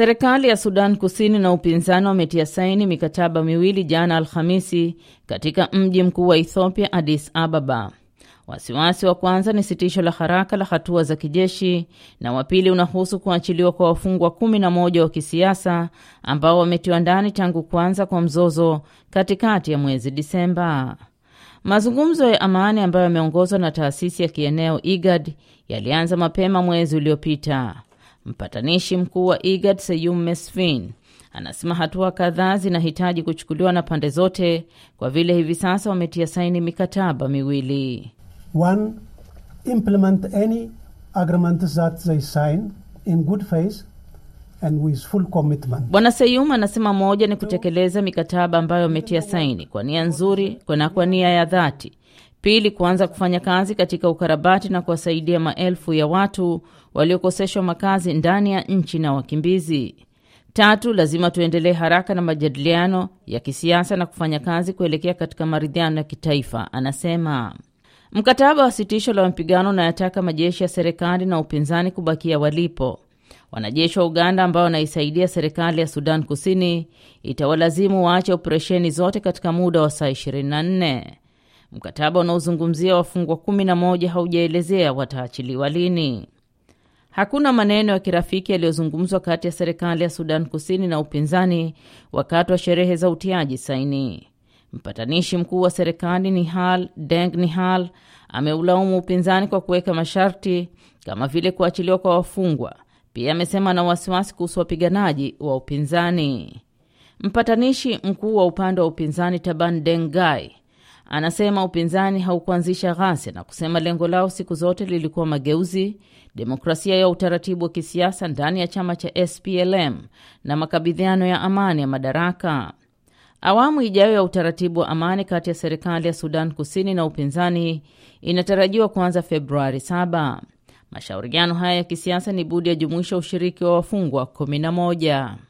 Serikali ya Sudan Kusini na upinzani wametia saini mikataba miwili jana Alhamisi katika mji mkuu wa Ethiopia, Addis Ababa. Wasiwasi wa kwanza ni sitisho la haraka la hatua za kijeshi na wa pili unahusu kuachiliwa kwa wafungwa kumi na moja wa kisiasa ambao wametiwa ndani tangu kuanza kwa mzozo katikati ya mwezi Disemba. Mazungumzo ya amani ambayo yameongozwa na taasisi ya kieneo IGAD yalianza mapema mwezi uliopita. Mpatanishi mkuu wa IGAD Seyum Mesfin anasema hatua kadhaa zinahitaji kuchukuliwa na pande zote kwa vile hivi sasa wametia saini mikataba miwili. One, implement any agreement that they sign in good faith and with full commitment. Bwana Seyum anasema moja ni kutekeleza mikataba ambayo wametia saini kwa nia nzuri na kwa nia ya dhati. Pili, kuanza kufanya kazi katika ukarabati na kuwasaidia maelfu ya watu waliokoseshwa makazi ndani ya nchi na wakimbizi. Tatu, lazima tuendelee haraka na majadiliano ya kisiasa na kufanya kazi kuelekea katika maridhiano ya kitaifa, anasema. Mkataba wa sitisho la mapigano unayataka majeshi ya serikali na upinzani kubakia walipo. Wanajeshi wa Uganda ambao wanaisaidia serikali ya Sudan Kusini itawalazimu waache operesheni zote katika muda wa saa 24. Mkataba unaozungumzia wafungwa kumi na moja haujaelezea wataachiliwa lini. Hakuna maneno ya kirafiki yaliyozungumzwa kati ya serikali ya Sudan Kusini na upinzani wakati wa sherehe za utiaji saini. Mpatanishi mkuu wa serikali Nihal Deng Nihal ameulaumu upinzani kwa kuweka masharti kama vile kuachiliwa kwa wafungwa. Pia amesema ana wasiwasi kuhusu wapiganaji wa upinzani. Mpatanishi mkuu wa upande wa upinzani Taban Dengai Anasema upinzani haukuanzisha ghasia na kusema lengo lao siku zote lilikuwa mageuzi, demokrasia ya utaratibu wa kisiasa ndani ya chama cha SPLM na makabidhiano ya amani ya madaraka. Awamu ijayo ya utaratibu wa amani kati ya serikali ya Sudan Kusini na upinzani inatarajiwa kuanza Februari 7. Mashauriano haya ya kisiasa ni budi ya jumuisha ushiriki wa wafungwa 11.